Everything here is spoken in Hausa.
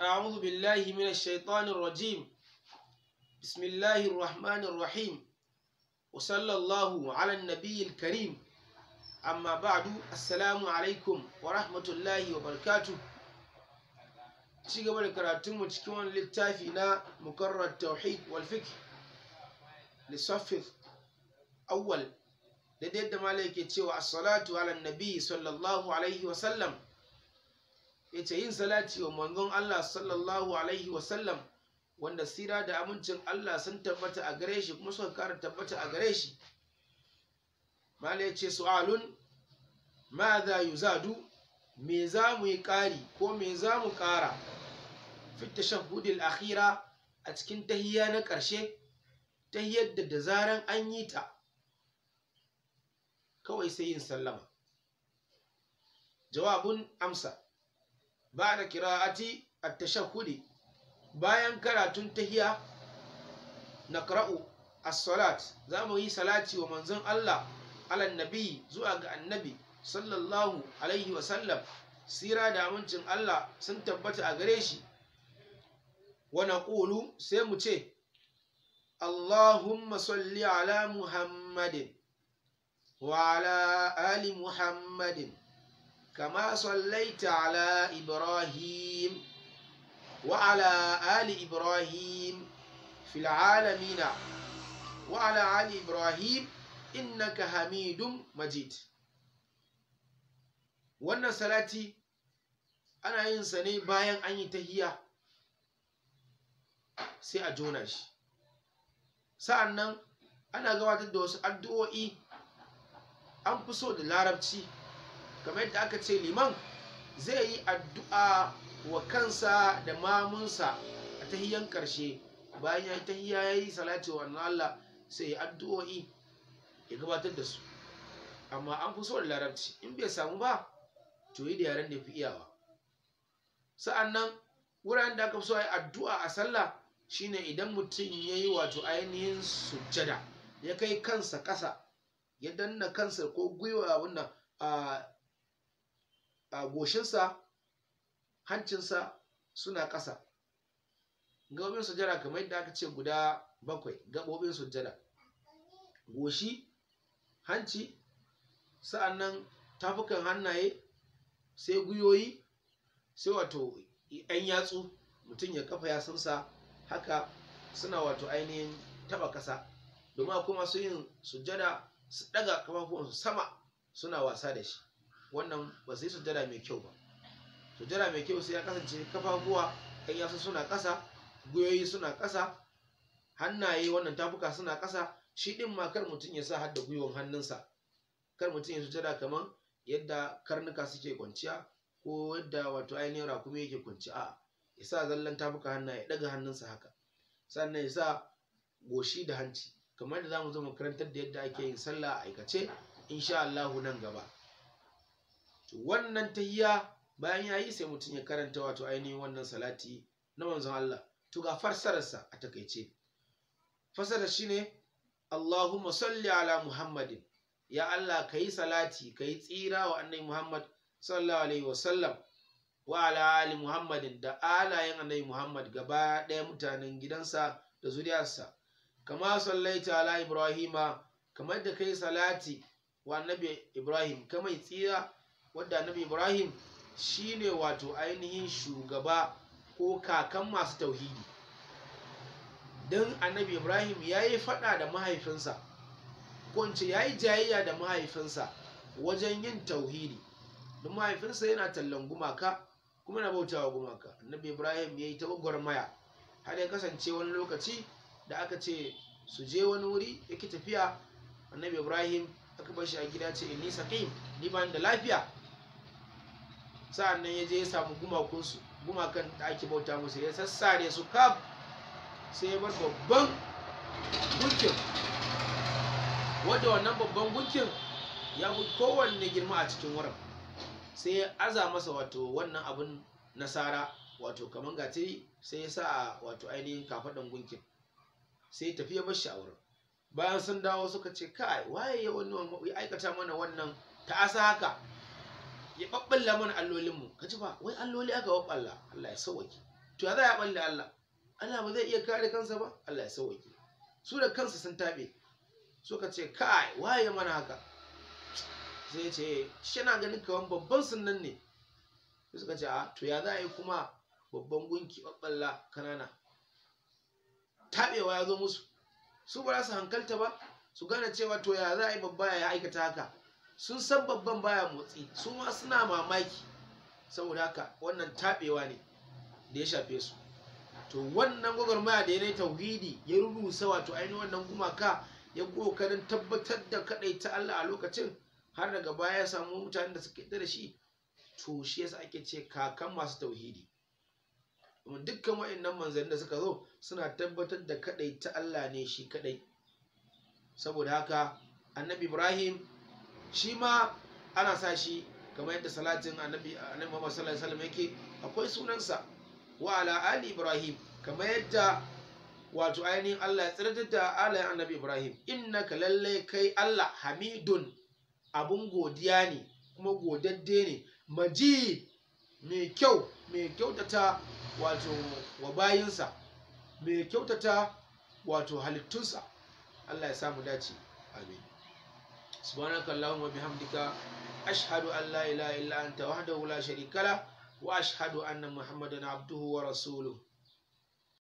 أعوذ بالله من الشيطان الرجيم بسم الله الرحمن الرحيم وصلى الله على النبي الكريم أما بعد السلام عليكم ورحمة الله وبركاته شكرا لكراتم وشكرا للتافينا مكرر التوحيد والفكر لصف أول لديد مالك يتشوى الصلاة على النبي صلى الله عليه وسلم ya ce yin salati wa manzon Allah sallallahu alaihi wasallam wanda sira da amincin Allah sun tabbata a gare shi kuma suka kara tabbata a gare shi mala ya ce su'alun ma za yi zadu me za mu yi ƙari ko me za mu ƙara fita shahudil akhira a cikin tahiya na ƙarshe ta yadda da zaren an yi ta kawai sai yin sallama jawabun amsa ba'da a at-tashahhudi bayan karatun tahiya naqra'u a salat za mu yi salati wa manzon Allah ala nabi zuwa ga annabi sallallahu alaihi wa sira da amincin Allah sun tabbata a gare shi wa kulu sai mu ce Allahumma salli ala Muhammadin wa ala ali Muhammadin كما صليت على إبراهيم وعلى آل إبراهيم في العالمين وعلى آل إبراهيم إنك حميد مجيد wannan salati ana yin sa ne bayan an yi tahiya sai a jona shi sa'annan ana gabatar da wasu addu'o'i an fi so da larabci kamar yadda aka ce liman zai yi addu'a wa kansa da mamunsa a tahiyan karshe bayan ya yi tahiya ya yi salati wa Allah sai ya addu'o'i ya gabatar da su amma an fi so da larabci in bai samu ba to yi da yaren da fi iyawa sa'an nan wuraren da aka fi so a yi addu'a a sallah shine idan mutum ya yi wato ainihin sujjada ya kai kansa ƙasa ya danna kansa ko gwiwa wannan a goshinsa hancinsa suna ƙasa gaɓoɓin sujada kamar yadda aka ce guda bakwai gaɓoɓin sujada goshi hanci sa'annan tafukan hannaye sai guyoyi sai wato 'yan yatsu mutum ya kafa yatsunsa haka suna wato ainihin taɓa ƙasa domin kuma su yin sujada su ɗaga kafafuwansu sama suna wasa da shi wannan ba su yi sujjada mai kyau ba sujjada mai kyau sai ya kasance kafafuwa ɗan yasa suna ƙasa guyoyi suna ƙasa hannaye wannan tafuka suna ƙasa shi ɗin ma kar mutum ya sa har da gwiwon hannunsa kar mutum ya sujjada kamar yadda karnuka suke kwanciya ko yadda wato ainihin rakumi yake kwanciya a ya sa zallan tafuka hannaye ɗaga hannunsa haka sannan ya sa goshi da hanci kamar da za mu zo mu karantar da yadda ake yin sallah a aikace insha Allahu nan gaba wannan tahiyya bayan ya yi sai mutum ya karanta wato ainihin wannan salati na manzon Allah to ga fassararsa a takaice shi ne, Allahumma salli ala Muhammadin ya Allah kayi salati kayi tsira wa annai Muhammad sallallahu alaihi wasallam wa ala ali Muhammadin da alayen annabi Muhammad gaba ɗaya mutanen gidansa da zuriyarsa kama sallaita ala Ibrahima kamar da kai salati wa annabi Ibrahim kamar tsira wadda annabi ibrahim shine wato ainihin shugaba ko kakan masu tauhidi don annabi ibrahim ya yi fada da mahaifinsa Kwanci ya yi jayayya da mahaifinsa wajen yin tauhidi don mahaifinsa yana tallan gumaka kuma na bautawa gumaka annabi ibrahim ya yi ta maya. har ya kasance wani lokaci da aka ce su je wani wuri yake tafiya annabi ibrahim aka bashi a gida ce inni saqim ni ba da lafiya sa'an nan ya je ya samu gumakunsu gumakan da ake bauta musu ya sassare su kaf sai ya bar babban gunkin wadda wannan babban gunkin ya fi kowanne girma a cikin wurin sai ya aza masa wato wannan abin nasara wato kamar gatiri sai ya sa a wato ainihin kafaɗan gunkin sai tafi ya bar a wurin bayan sun dawo suka ce kai waye ya wani aikata mana wannan ta asa haka ya ɓaɓɓalla mana allolinmu ka ji ba wai alloli aka babballa Allah ya sauwaki to ya za ya balle Allah Allah ba zai iya kare kansa ba Allah ya sauwaki su da kansa sun Su ka ce kai waye mana haka sai ya ce shi na ganin kawan babban sunan ne suka ce a ah, to ya za a yi kuma babban gunki ɓaɓɓalla kanana Taɓewa ya zo musu su ba za su hankalta ba su gane cewa to ya za a yi babba ya aikata haka sun san babban baya motsi su ma suna mamaki saboda haka wannan taɓewa ne da ya shafe su to wannan gwagwarmaya da ya tauhidi ya rurusa wato ainihin wannan gumaka ya kokarin tabbatar da ta Allah a lokacin har daga baya ya samu mutanen da suka da shi to shi yasa ake ce kakan masu tauhidi kuma dukkan wayannan manzanni da suka zo suna tabbatar da ta Allah ne shi kadai saboda haka annabi Ibrahim shi ma ana sa shi kamar yadda salatin annabi annabi Muhammad sallallahu alaihi wasallam yake akwai sunansa wa ala ali ibrahim kamar yadda wato ainihin Allah ya tsirtar da alayen annabi ibrahim innaka lallai kai Allah hamidun abun godiya ne kuma godadde ne Maji, mai kyau mai kyautata wato wa bayinsa mai kyautata wato halittunsa Allah ya samu dace amin subhanaka allahumma bihamdika ashhadu an la ilaha illa anta wahdahu la sharika la wa ashhadu anna muhammadan abduhu wa rasuluhu